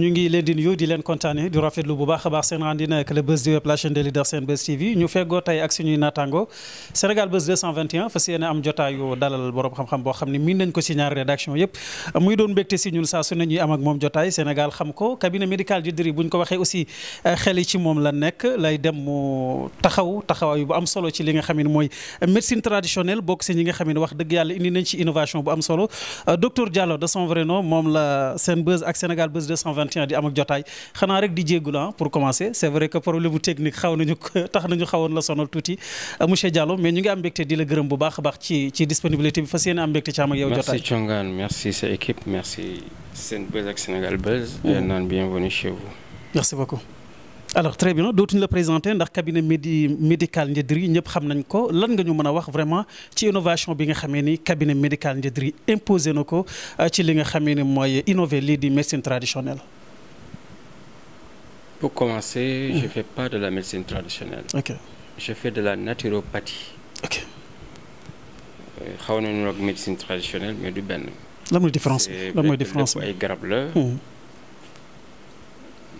ñu ngi leen di nuyu di leen kontaane di rafetlu bu baax a baax seen àndina ak le buzz web la chaîne des leaders Senbuzz TV ñu feggoo tey ak suñuy naataango Sénégal Buzz xam-xam ko si médical du DRIC ko waxee aussi eh, xel yi ci moom la nekk lay dem mu taxaw taxawaay bu am solo ci li nga xam mooy médecine traditionnelle bokk si ñi nga xam wax dëgg yàlla indi nañ ci innovation bu am solo eh, docteur Diallo de son moom la Senbuzz ak Sénégal 2021 di am ak jotaay xanaa rek di jéggul ah pour commencer c'est vrai que problème bu technique xaw nañu tax nañu xawoon la sonal tuuti euh, monsieur Diallo a baax ci merci Thiongane merci mm. très bien dootuñu la présenter ndax cabinet médical Ndiédry ñëpp xam nañ ko lan nga ñu mën a wax vraiment ci innovation bi nga xamee ni cabinet médical Ndiédry imposé na ko euh, ci li nga xamee ni mooy innover lii di médecine traditionnelle. Pour commencer, mmh. je ne mm. fais de la médecine traditionnelle. Okay. Je fais de la naturopathie. Ok. Euh, xaw nañu nag médecine traditionnelle mais du benn. lan mooy différence bi lan mooy ay garab la. Mm.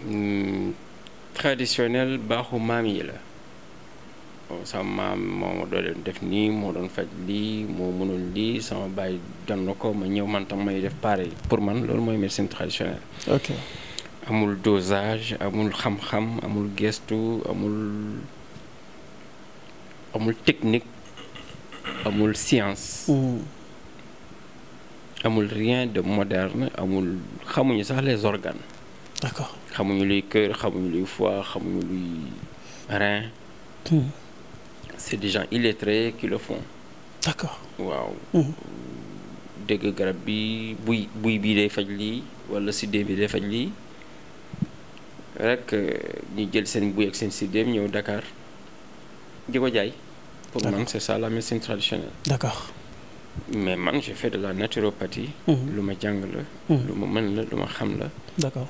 Hmm. traditionnel baaxu maam yi la. sama maam moo doon def nii moo doon faj lii moo mënoon lii sama bàyyi doon na ko ma ñëw man tam may def yi pour man loolu mooy médecine traditionnelle. amul dosage amul xam-xam amul gestu amul amul technique amul science. amul rien de moderne amul xamuñu sax les organes. d'accord xamuñu luy cœur xamuñu luy foie xamuñu luy rein. Hmm. c'est des gens illettrés qui d'accord waaw. Hmm. dégg garab bi buy buy bii day faj lii wala sidé bi day faj lii. rek euh, ñu jël seen buy ak seen siddeem ñëw Dakar di ko jaay. pour man c'est ça la médecine traditionnelle. d'accord. mais man j'ai fait de la naturopathie. Mhm. lu ma jàng la. Mhm. lu ma mën la lu ma xam la. d'accord.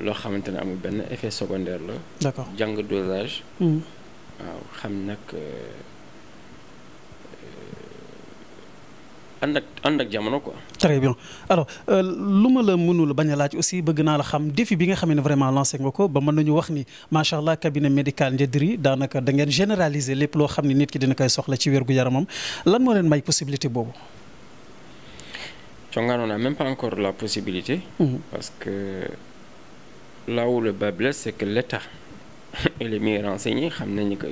loo xamante ne amul benn effet secondaire la. d'accord jàng dosage. Mhm. waaw xam nag. Euh, ànd ak ànd ak jamono ko très bien alors euh, lu ma la mënul bañ laaj aussi bëgg naa la xam défi bi nga xam ne vraiment lancé nga ko ba mën nañu wax ni macha allah cabinet médical Ndiadiri daanaka da ngeen généraliser lépp loo xam ne nit ki dina koy soxla ci wér gu yaramam lan moo leen may possibilité boobu. Thiongane on n'a même pas encore la possibilité. Mhm. parce que là où le la blesse c'est que l'État ñi les mieux renseignés xam nañu que.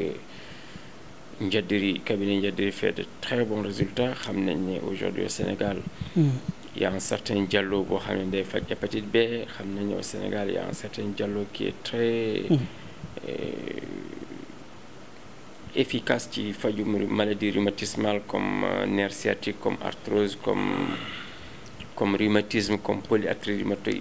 Ndiadiri, cabinet Ndiadiri fait de très bons résultats. Xam nañ ne aujourd'hui au Sénégal. Hmm. Il y a un boo xam ne day faj hépatite B xam nañ au Sénégal il y a un certain Diallo qui très. Hmm. Euh, ci faju maladie rhumatismale comme euh, nerf comme arthrose comme comme rhumatisme comme polyarthrite rhumatoïde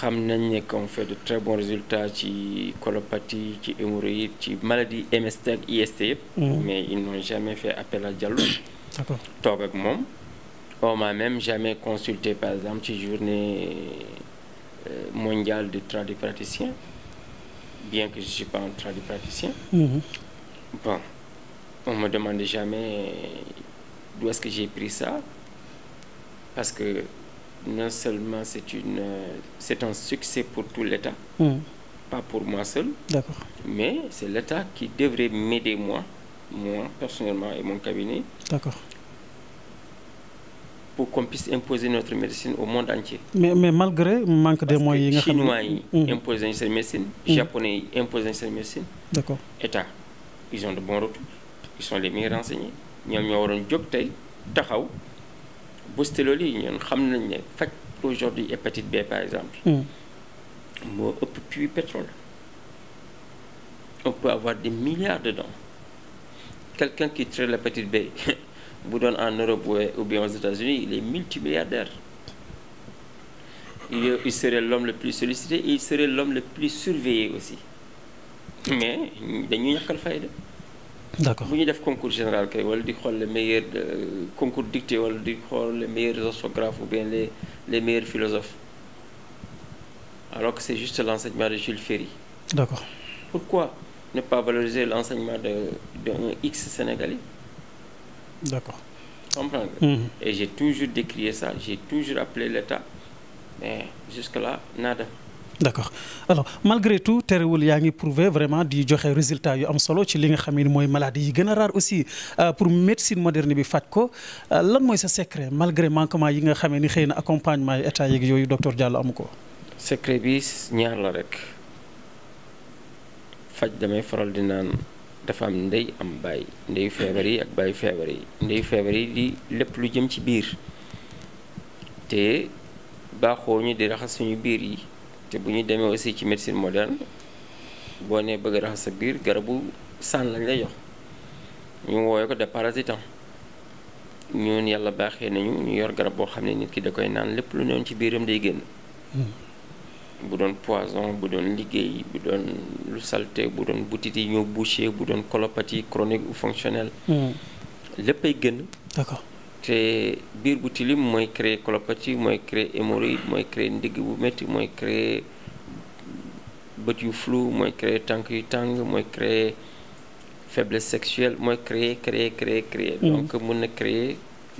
xam nañ ne qu'on fait de très bons résultats ci colopathie ci hémorroïde ci maladie MST ak IST yëpp. Mm. mais ils n'ont jamais fait appel à Diallo. d'accord toog ak moom. on m'a même jamais consulté par exemple ci journée euh, mondiale de des tradipraticiens bien que je suis pas un tradipraticien. Mmh. bon on me demande jamais euh, d'où que j'ai pris ça parce que. non seulement c'est une c'est un succès pour tout l'État, mmh. pas pour moi seul, mais c'est l'État qui devrait m'aider moi, moi personnellement et mon cabinet, pour qu'on puisse imposer notre médecine au monde entier. Mais, mais malgré le manque Parce de moyens... Les Chinois mmh. imposent cette médecine, les mmh. Japonais imposent cette médecine, État, ils ont de bons retours, ils sont les meilleurs renseignés. Nous avons jog job taxaw booster li yi xam nañ ne faj aujourd'hui hépatite B par exemple hmm. moo ëpp puits pétrole on peut avoir des milliards dedans quelqu'un qui traite l'hépatite B bu doon en Europe ou bien aux États-Unis il est multimilliardaire il, il serait l'homme le plus sollicité et il serait l'homme le plus surveillé aussi mais dañu ñàkkal fayda d'accord bu ñu def concours général kay wala di xool les meilleurs euh, concours dicté wala di xool les meilleurs orthographes ou bien les les meilleurs philosophes alors que c'est juste l'enseignement de Jules Ferry. d'accord pourquoi ne pas valoriser l'enseignement de d'un X sénégalais. d'accord comprendre mhm. et j'ai toujours décrié ça j'ai toujours appelé l'État mais jusque-là nada. d' accord alors malgré tout terewul yaa ngi prouver vraiment di joxe résultat yu am solo ci li nga xam ne mooy maladie yi gën a raar aussi euh, pour médecine moderne bi faj ko euh, lan mooy sa secret malgré manquement yi nga xamee ni xëy na accompagnement yi état yeeg yooyu docteur Diallo amu ko. secret bi ñaar la rek faj damay faral di naan dafa am ndey am bàyyi ndeyu feebar yi ak bàyyi feebar yi ndeyu feebar yi di lépp lu jëm ci biir te baaxoo ñu di raxas suñu biir yi. te bu ñu demee aussi ci médecine moderne boo nee bëgg raxas sa biir garabu sànn lañ lay jox ñu woowee ko déparasitant ñun yàlla baaxee nañu ñu yor garab boo xam ne nit ki da koy naan lépp lu ñoon ci biiram day génn hmm. bu doon poison bu doon liggéey bu doon lu salte bu doon butit yi ñëw bouché bu doon colopathie chronique ou fonctionnelle hmm. léppay génn d'accord te biir bu tilim mooy créer colopathie mooy créer hémorroïde mooy créer ndigg bu métti mooy créer bët yu flu mooy créer tànk yu tàng mooy créer faiblesse sexuelle mooy créer créer créer créer mm-hmm. donc mën na créer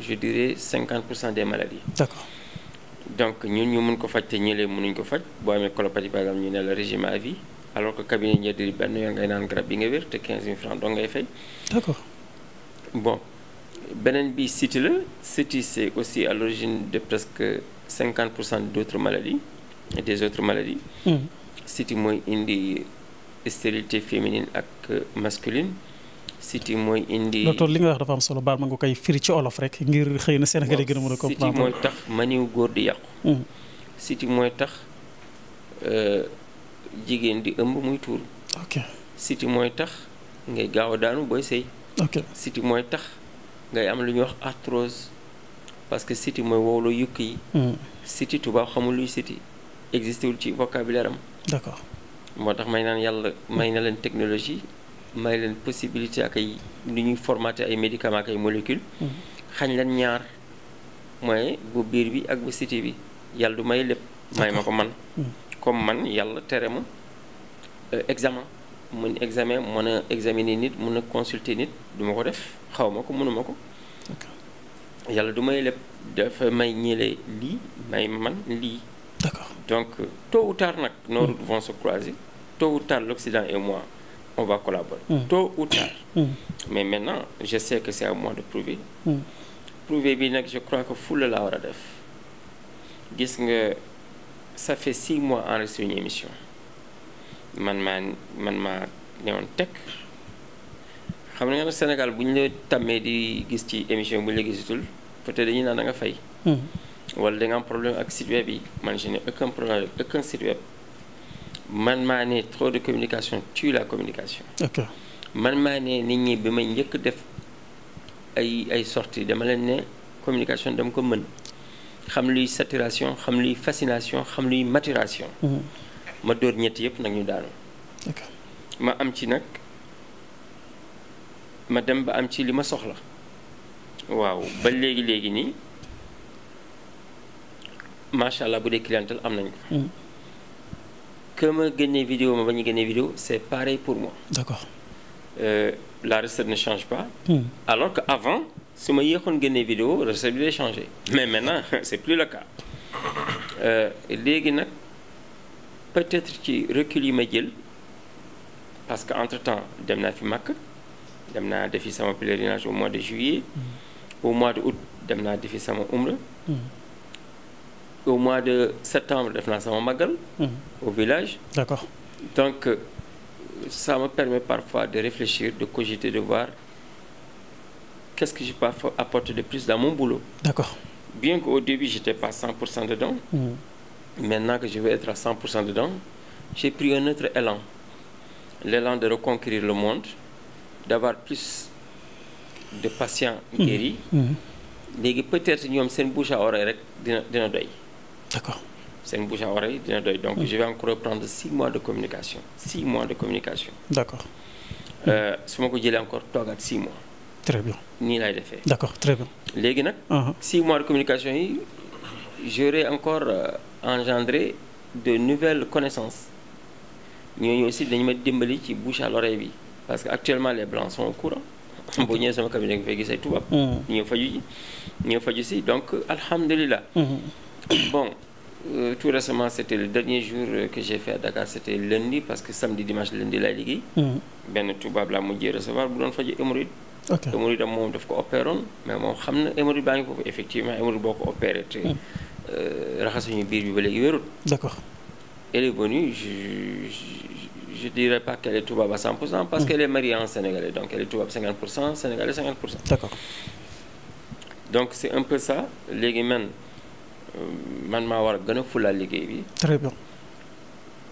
je dire cinquante pour cent des maladies d'accord donc ñun ñu mën ko faj te ñëlee mënuñ ko faj boo amee colopathie par exemple ñu ne la régime à vie alors que cabinet ñeddiri benn yoon ngay naan garab bi nga wér te quinze mille francs doo ngay fay d'accord bon beneen bi siti la siti c'est aussi à l'origine de presque cinquante pour cent d'autres maladies des autres maladies siti mm. mooy indi stérilité féminine ak euh, masculine siti mooy indi docteur li nga wax dafa am solo baal ma nga koy firi ci olof rek ngir xëy na Sénégal yi gën a mën a comprendre siti mooy tax maniw góor di yàqu siti mm. mooy tax euh, jigéen di ëmb muy tuur ok siti mooy tax ngay gaaw a daanu booy sëy ok siti mooy tax ngay am lu ñuy wax arthrose parce que siti mooy wowlu yukk yi. Hmm. siti tubaab xamul luy siti existé wul ci vocabulaire am. d'accord moo tax may naan yàlla may na leen technologie may leen possibilité ak ay lu ñuy formaté ay médicament ak ay molécules. Hmm. xañ leen ñaar mooy bu biir bi ak bu siti bi yàlla du may lépp. may ma ko man. Hmm. comme man yàlla tere ma euh, examen. mën examen mën a examiner nit mun a consulter nit du ma ko def xaw ma ko ma ko yàlla du may lépp dafa may ñële lii may man lii d'accord donc tôt ou tard nag nos mm. routes vont se croiser tôt ou tard l'Occident et moi on va collaborer mm. tôt ou tard mm. mais maintenant je sais que c'est à moi de prouver prouver bi nag je crois que fulla laa war a def gis nga ça fait six mois enregistré une émission man maa man maa newoon teg xam nga nag Sénégal bu ñu la tàmmee di gis ci émission bu ñu la gisatul peut-être dañuy naan a nga fay. Hmm. wala da am problème ak site web yi man je n'ai aucun problème avec aucun site web man maa ne trop de communication tue la communication. ok man maa ne nit ñi bi ma njëkk def ay ay sorti dama leen ne communication dama ko mën xam luy saturation xam luy fascination xam luy maturation. Hmm. ma dóor ñetti yëpp nag ñu daanu ma am ci nag ma dem ba am ci li ma soxla waaw ba léegi léegi nii macha allah bu dee clientèle am nañ ko hmm. ma génnee video ma ba ñu génnee vidéo c'est pareil pour moi d'accord euh, la recette ne change pas hmm. alors que avant su ma yéexoon génnee vidéo recette bi day changé mais maintenant c'est plus le cas euh, léegi nag peut-être ci recul yi jël parce que entre temps dem naa fi Makka dem naa defi sama pèlerinage au mois de juillet mm. au mois de août dem naa defi sama umra mm. au mois de septembre def naa sama magal mm. au village d'accord donc euh, ça me permet parfois de réfléchir de cogiter de voir qu'est-ce que je peux apporter de plus dans mon boulot d'accord bien qu'au début j'étais pas 100% dedans maintenant que je vais être à 100% dedans, j'ai pris un autre élan. L'élan de reconquérir le monde, d'avoir plus de patients mhm. guéris. Mhm. léegi peut-être ñoom seen bouche à oreille rek dina dina doy. d'accord seen bouche à oreille dina doy donc mhm. je vais encore reprendre six mois de communication six mois de communication. d'accord euh, su ma ko jëlee encore toogaat six mois. très bien nii laay defee. d'accord très bien. léegi uh-huh. j'aurais encore euh, engendré de nouvelles connaissances ñooñu aussi dañu ma dimbali ci bouche à l'oreille bi parce que actuellement les blancs sont au courant boo ñëwee sama cabinet nga fay gis ay tubaab mm. ñoo faju ji ñoo faju si donc alhamdulilah mm-hmm. bon euh, tout récemment c'était le dernier jour que j'ai fait à Dakar c'était lundi parce que samedi dimanche lundi laay liggéey mm-hmm. benn tubaab laa mujjee recevoir bu doon faju hémorroïde hémorroïde am moom daf ko opéroon mais moom xam na hémorroïde baa ngi foofu effectivement hémorroïde boo ko opéré te hmm. euh, raxasuñu biir bi ba léegi wérut d'accord elle est venue je je dirais pas qu'elle est toubab à 100% parce hmm. que est mariée en sénégalais donc elle est toubab 50% sénégalais 50% d'accord donc c'est un peu ça léegi man euh, man maa war a gën a fulaal liggéey bi très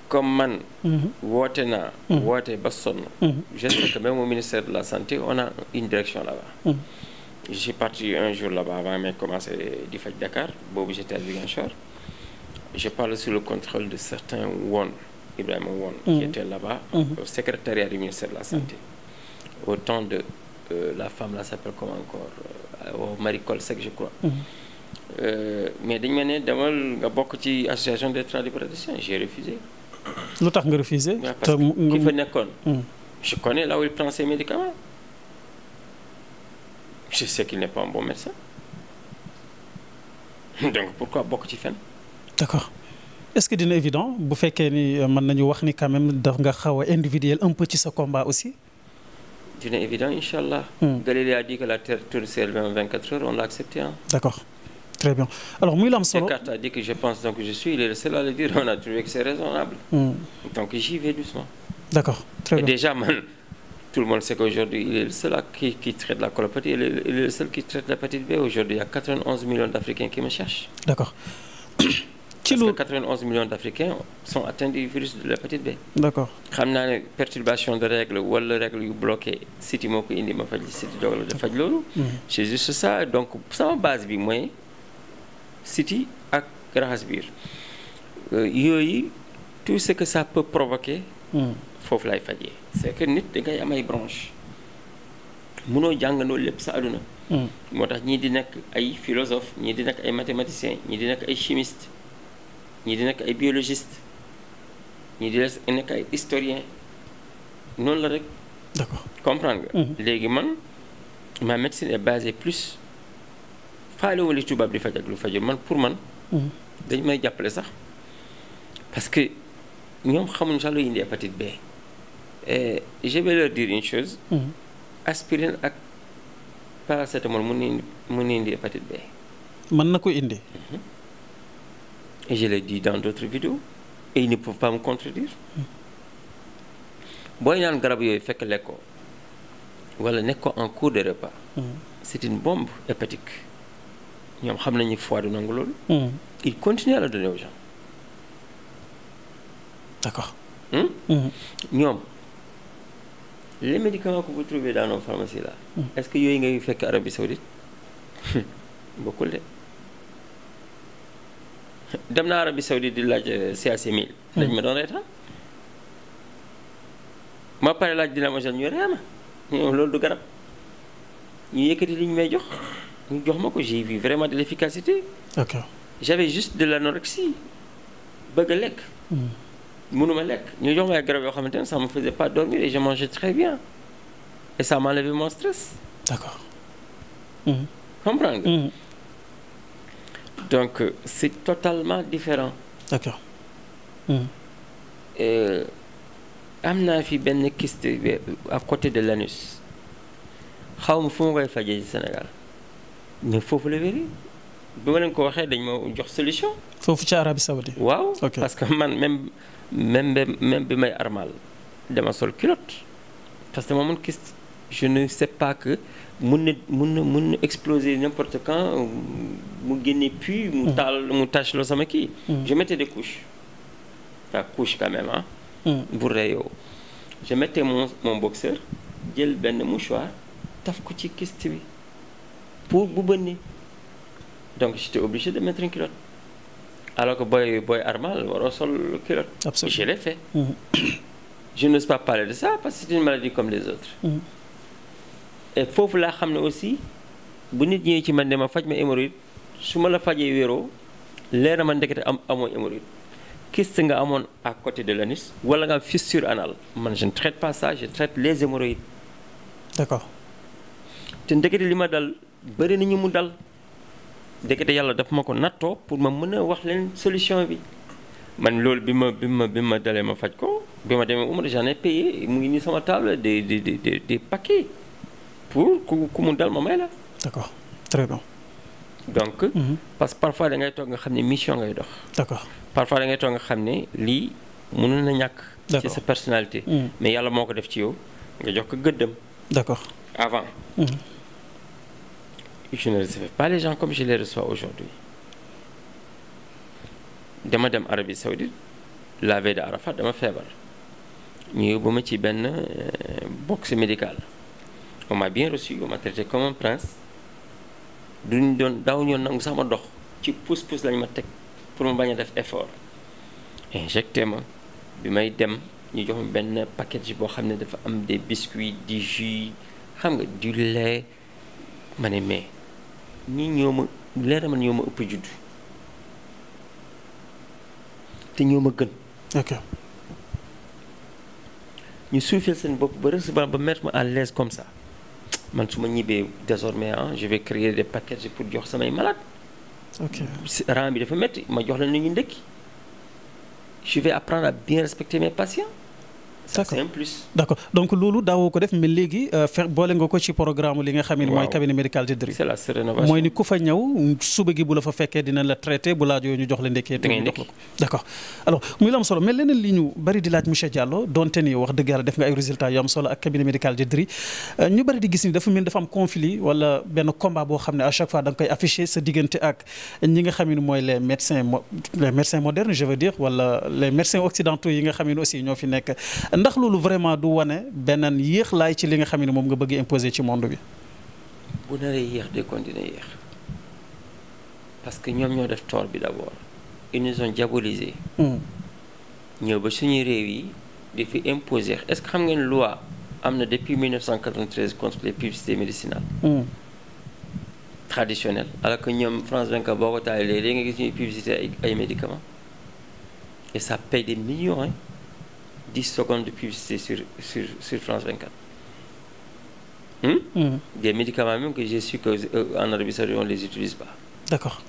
comme man. Mhm. woote naa. Mhm. woote ba sonn. Mhm. j'espère que même au ministère de la santé on a une direction là-bas. je suis parti un jour là-bas avant may commencé di faj Dakar boobu j'étais à Ziguinchor je parle sous le contrôle de certains Won Ibrahima Won. qui était là-bas. au secrétariat ministère de la santé. au temps de euh, la femme là s'appelle comment encore euh, oh, Marie Coll je crois. Euh, mais dañ ma ne demal nga bokk ci association de tradipraticiens j'ai refusé. lu tax nga refusé. te ki fa nekkoon. Hmm. je connais là où il prend ses médicaments. je sais qu'il n'est pas bon médecin. donc pourquoi bokk ci fen d'accord est-ce que dina évident bu fekkee ni euh, mën nañu wax ni quand même daf nga xaw a individuel un peu ci sa combat aussi. dina évident incha allah. Hmm. Galilée a dit que la terre tourne sur elle-même 24 heures on l'a accepté ah. très bien alors muy la am solo. Descartes a dit que je pense donc je suis il est le seul à le dire on a trouvé que c'est raisonnable. Mm. donc j'y vais doucement. d'accord très et bien et déjà man tout le monde sait qu'aujourd'hui il est le seul à qui qui traite la colopathie il est, il est le seul qui traite l'hépatite B aujourd'hui il y a 91 millions d'Africains qui me cherchent. d'accord. ci loolu parce que 91 millions d'Africains sont atteints du virus de l'hépatite B. d'accord xam naa ne perturbation de règles wala règles yu bloqué siti moo ko indi ma faj siti dogal dafa faj loolu. Hmm. c'est juste ça donc sama base bi mooy. siti ak raxas biir euh, yooyu tout ce que sa peut provoquer hmm. foofu lay fajee c'est que nit da ngay am ay branche mënoo jàngandoo lépp sa adduna hmm. moo tax ñii di nekk ay philosophe ñii di nekk ay mathématicien ñii di nekk ay chimiste ñii di nekk ay biologiste ñii di nekk ay historien noonu la rek d'accord comprendre nga hmm. léegi man ma médecine est basée plus faale wala tubaab di faj ak lu fajul man pour man. Mm. dañ may jàppale sax parce que ñoom xamuñ sax luy indi hépatite B. et je vais leur dire une chose. Mm. aspirine ak paracétamol mun na indi mun na indi hépatite B. mën na ko indi. Mm-hmm. et je l'ai dit dans d'autres vidéos et ils ne peuvent pas me mm. booy naan garab yooyu fekk lekkoo wala nekk ko en cours de repas. c'est une bombe hépatique. ñoom xam nañu foi du nangu loolu. Hmm. il continue à la donner aux gens. Hmm? Hmm. ñoom les médicaments que vous trouvez dans nos pharmacies est-ce que yooyu ngay fekk Arabie Saoudite bokkul de dem naa Arabie Saoudite di laaj CAC euh, 1000. dañ ma doon reetaan ma pare laaj dina ma jël ñu reema ñoom loolu du garab ñu yëkkati li may jox. ñu jox ma ko j'ai vu vraiment de l'efficacité ok j'avais juste de l'anorexie bëgg a lekk hmm. mënuma lekk ñu jox ma ay garab yoo xamante ne ça me faisait pas dormir et je mangeais très bien et ça m'enlevait mon stress d'accord mmh. comprendre hmm. donc c'est totalement différent d'accord hmm. euh, am naa fi benn kyste à côté de l'anus xaw ma fu ma koy fajee Sénégal mais foofu la wéree bi ma leen ko waxee dañ ma jox solution. foofu ci Arabie Saoudite. waaw parce man même même bi may armal dama sol culotte parce que ma mun kist je ne sais pas que mun na mun na mun na exploser n'importe quand mu génne puis mu hmm. taal mu tache loo sama kii. Hmm. je mettais des couches ta couche quand même hmm. ah. bu je mettais mon mon boxeur jël benn mouchoir taf ko ci kist bi. pour Boubani. donc j'étais obligé de mettre une culotte. alors que booy booy armal waroo sol culotte. absolument je l'ai fait. Mm -hmm. je n'ose pas parler de ça parce que c'est une maladie comme les autres. Mm foofu laa xam ne aussi bu nit ñëwee ci man de ma faj ma hémorroïde su ma la fajee wéeroo leer na ma ndekete am amoo hémorroïde kist nga amoon à côté de l'anus wala nga am fissure anale man je ne traite pas je traite les hémorroïdes. d'accord. te li ma dal bëri nañu mu dal ndekete yàlla dafa ma ko nattoo pour ma mën a wax leen solution bi man loolu bi ma bi ma bi ma dalee ma faj ko bi ma demee umra j'en ai payé mu ngi nii sama table des des des des paquets pour ku ku mu dal ma may la. d'accord très bien. donc. Mm -hmm. parfois da ngay toog nga xam ne mission ngay dox. d'accord parfois da ngay toog nga xam ne lii mënoon na ñàkk. ci sa personnalité. Mm mais yàlla moo ko def ci yow nga jox ko gëddam. d'accord je ne recevais pas les gens comme je les aujourd'hui dama dem Arabie Saoudite la veille de Arafat dama feebar ñu yóbbu ma ci benn eh, boxe médicale on m'a bien reçu on m'a traité comme un prince duñ doon daaw ñoon nangu sax ma dox ci pousse-pousse lañ ma teg pour ma bañ def effort injecté ma bi may dem ñu jox ma benn package boo xam ne dafa am des biscuits du jus xam nga du ma ne mais ñii ñoo ma leer na man ëpp judd te ñoo ma gën. ok ñu suufeel seen bopp ba recevoir ba mettre ma à l'aise comme ça man su ma ñibbee désormais ah je vais créer des paquets pour jox samay malade ok rang bi dafa métti ma jox leen lu ñu ndekki je vais apprendre à bien respecter mes patients. c'est un donc loolu daawoo ko def mais léegi euh, fex boole nga ko ci programme li nga xam ne mooy cabinet médical de Dri mooy ni ku fa bu la fa la traité bu laajoo ñu jox la ndekkee te ñu jox la ko d'accord di laaj monsieur Diallo donte ni wax dëgg yàlla def nga ay résultats yu am euh, gis ni dafa mel dafa am wala benn combat boo xam ne à chaque fois da nga koy affiché sa ak nga xam ne mooy les médecins les médecins modernes je veux dire wala les yi nga xam ne aussi ñoo fi nekk ndax loolu vraiment du wane beneen yéex laay ci li nga xam ne moom nga bëgg imposer ci monde bi. bu naree yéex day continuer yéex parce que ñoom ñoo def tort bi d'abord ils nous ont diabolisé. Hmm. ñëw ba suñu réew yi di fi imposer est-ce que xam ngeen loi am na depuis 1993 contre les publicités médicinales. Hmm. traditionnel alors que ñoom France 24 boo ko taalee léegi nga gis ñuy publicité ay ay et ça paye des millions 10 secondes de publicité sur, sur, sur France 24. Hmm? Mmh. Des médicaments même que j'ai su qu'en euh, Arabie Saoudite, on ne les utilise pas. D'accord.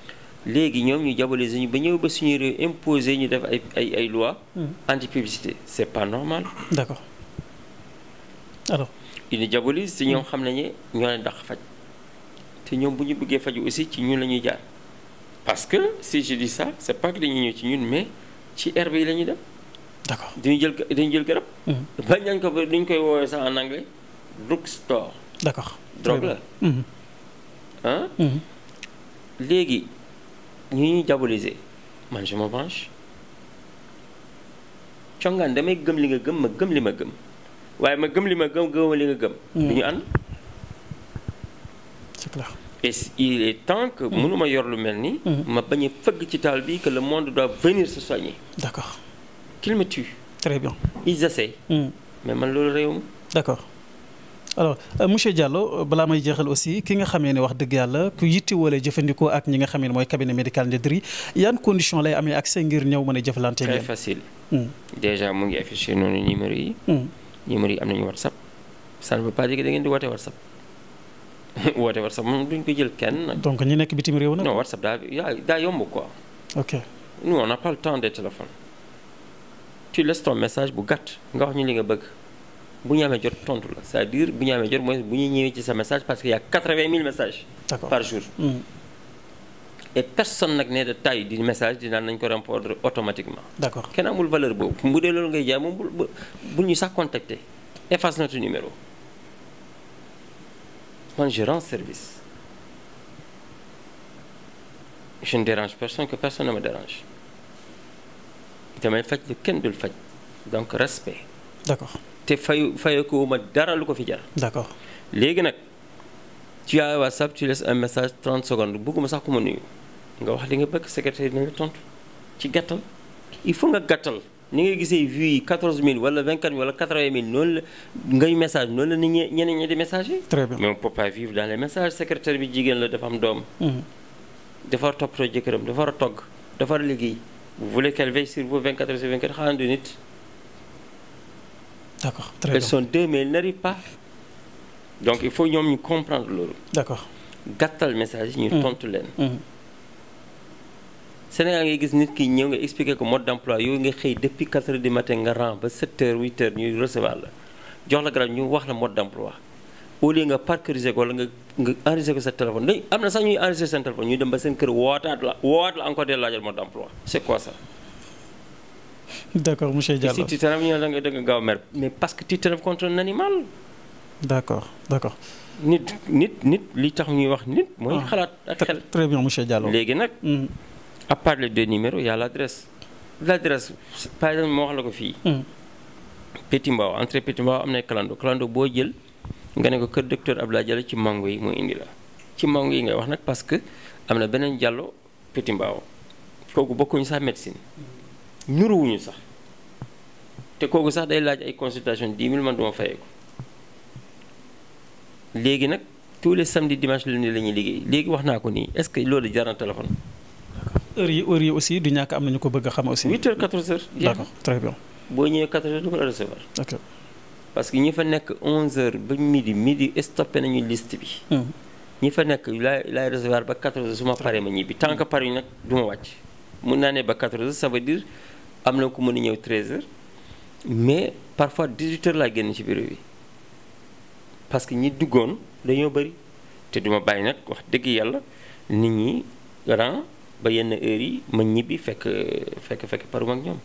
léegi ñoom ñu jaboliser ñu ba ñëw ba suñu réew imposé ñu def ay ay ay loi hmm. anti publicité c'est pas normal. d'accord alors. ils nous diabolisent te ñoom hmm. xam nañu ne ñoo leen dàq faj te ñoom bu ñu bëggee faju aussi ci ñun la ñuy jaar parce que si je dis ça c'est pas que dañuy ñëw ci ñun mais ci herbe yi la ñuy dem. d'accord dañuy jël dañuy jël garab. Mhm. bañ nañ ko ba ñu koy woowee sax en anglais drugstore. d'accord drogue la. Mhm. Mhm. léegi ñi ñuy diaboliser man je congaan damay gëm li nga gëm ma gëm li ma gëm waaye ma gëm li ma gëm gëmma li nga gëm. du ñu ànd. c'est clair. et il est temps mënuma yor lu mel ni. ma bañ a fëgg ci taal bi que le monde doit venir se soigner. d'accord. qu'il me tue. très bien hmm. mais man loolu réew mi. d'accord alors euh, monsieur Diallo balaa may jeexal aussi ki nga xamee ne wax dëgg yàlla ku yitti wala jëfandikoo ak ñi nga xamee ne mooy cabinet médical Ndédri yan condition lay amee accès ngir ñëw man a jëflante. très facile. Hmm. déjà mu ngi affiché noonu numéro yi. Hmm. numéro yi am nañu WhatsApp. ça ne veut pas dire da ngeen di woote WhatsApp. woote WhatsApp moom duñ ko jël kenn donc ñi nekk bitim réew nag. non WhatsApp daa daa yomb quoi. ok nous on n'a pas temps des téléphones. tu laisses message bu gàtt nga wax ñu li nga bëgg bu ñu amee jot tontu la cest à bu ñu amee jot mooy bu ñuy ñëwee ci sa message parce que y a quatre-vingt mille messages. d'accord par jour. Mm. et personne nag ne de taille di message dinaan nañ ko répondre automatiquement. d'accord kenn amul valeur boobu bu dee loolu ngay jaay moom bu bu ñu sax contacter efface notre numéro man je rends service je ne dérange personne que personne ne me dérange. damay faj lu kenn dul faj donc respect. d'accord te fay fayu fayekuwuma dara lu ko fi jar. d'accord léegi nag ci as WhatsApp tu laisses un message 30 secondes bëgguma sax ku ma nuyu nga wax li nga bëgg secrétaire dina la tontu ci gàttal il faut nga gàttal. ni nga gisee vues yi 14000 wala 24000 wala 80000 noonu la ngay message noonu la nit ñi message yi. très bien mais vivre dans les messages bi jigéen la dafa am doom. Mhm. dafa war a toppatoo jëkkëram Vous voulez qu'elle veille sur vous 24 heures sur 24 xanaa du nit. d'accord très bien deux mais elles n'arrivent donc il faut ñoom ñu comprendre loolu. d'accord gàttal message ñu tontu leen. Sénégal ngay gis nit ki ñëw nga expliquer ko mode d'emploi yooyu nga xëy depuis 4 heures du matin nga ran ba 7 heures ñuy recevoir la jox la garab ñu wax la mode d'emploi au lieu nga parcuriser ko wala nga. nga enregistré ko sa téléphone léegi am na sax ñuy enregistré seen téléphone ñuy dem ba seen kër wootaat la wootaat la encore des laajal mode d'emploi c'est quoi ça. d'accord monsieur Diallo si tiitanam ñu ne da nga da nga gaaw mer mais parce que tiitanam contre un animal. d'accord nit nit nit li tax ñuy wax nit. mooy ah, xalaat ak xel très bien monsieur Diallo. léegi nag. Hmm. à part deux numéros y a l'adresse. l'adresse par exemple moo wax la ko fii. Hmm. Petit entre Petit am na ay clando nga ne ko kër ab laa Diallo ci mango yi mu indi la ci mango yi ngay wax nag parce que am na beneen Diallo Petit Mbao kooku bokkuñu sax médecine nuruwuñu sax te kooku sax day laaj ay consultation 10 mil man duma fayee ko léegi nag tous les dimanche lundi la ñuy liggéey léegi wax naa ko nii est-ce que loolu jar na téléphone. heure yi heure yi aussi du ñàkk am nañu ko bëgg xam aussi. 8 heures 14 heures. d'accord ñëwee 14 heures du ko recevoir. parce que ñi fa nekk 11h ba midi midi stoppé nañu liste bi. Hmm. ñi fa nekk laay laay recevoir ba 14h su ma paree ma ñibbi tant que pare nag du ma wàcc. mun naa ne ba 14h ça veut dire am na ku mën a ñëw 13 mais parfois 18h laa génn ci biir bi parce que ñi duggoon dañoo bëri te duma bàyyi nag wax dëgg yàlla nit ñi ran ba yenn heures yi ma ñibbi fekk fekk fekk paruma ak ñoom.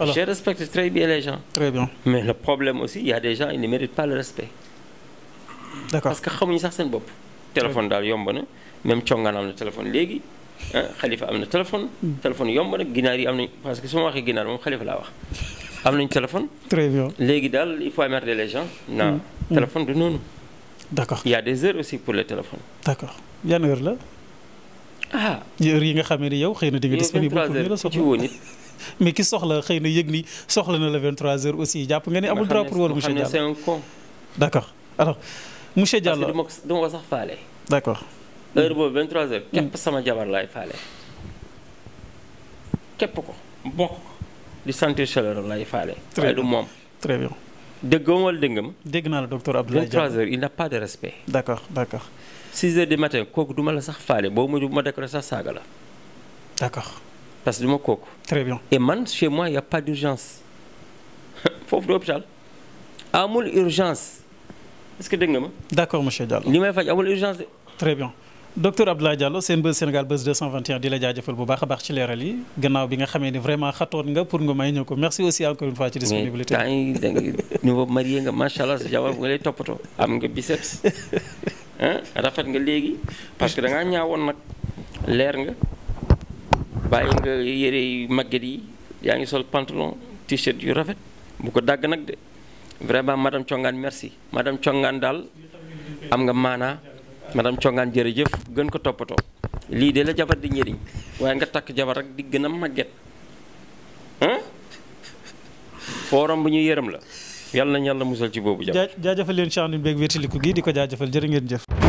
Alors, je respecte très bien les gens. Très bien. Mais le problème aussi, il y a des ne méritent pas le respect. D'accord. Parce que xamuñ sax seen bopp. téléphone daal yomb na même congaan am na téléphone léegi ah xalifa am na téléphone. Hmm. téléphone yomb na ginaar yi am nañ parce que su ma waxee ginaar moom xalifa laa wax. am nañ téléphone. très bien daal il les gens. non hmm. Hmm. téléphone du noonu. d'accord ya y a des aussi pour les téléphones. d'accord yan heure la. Ah. yi nga xamee ni yow xëy na di nga disponible pour ñu la soxla mais ki soxla xëy na yëg nii soxla na la 23h aussi jàpp nga ne amul drapeau wala monsieur Diallo xam ne c'est un con. d'accord ko sax faale. d'accord heure boobu 23h. sama jabar laay faale. képp ko di sentir chaleur laay faale. waaye du moom très bien. dëggam dégg naa la docteur Abdoulaye Diallo 23h il n'a pas de respect. kooku du la sax faale boo mujj bu ma décoré sax saaga la. d'accord. parce que du ma kooku. très bien et man chez moi y' a pas d' urgence foofu du hôpital amul urgence est ce que dégg nga ma. d' accord monsieur Diallo li may faj amul urgence de. très bien docteur Abdoulaye Diallo Senbuzz Sénégal Buzz di la jaajëfal bu baax a baax ci leeral yi gannaaw bi nga xamee ni vraiment xatoon nga pour nga may ñëw ko merci aussi encore une fois ci disponibilité. mais temps yii nouveau marié nga macha allah sa nga lay toppatoo am nga biceps ah nga léegi parce que da ngaa ñaawoon nag leer nga. bàyyi nga yére yu màgget yi yaa ngi sol pantalon t-shirt yu rafet bu ko dàgg nag de vraiment madame Thiongaan merci madame Thiongaan daal am nga maanaa madame Thiongaan jërëjëf gën ko toppatoo lii de la jabar di njëriñ waaye nga takk jabar rek di gën a màgget forum bu ñu yërëm la yàlla nañ yàlla musal ci boobu jabar jaajëfal leen Cheikh Alioune Mbengue wéetaliku gi di ko jaajëfal jërë ngeen jëf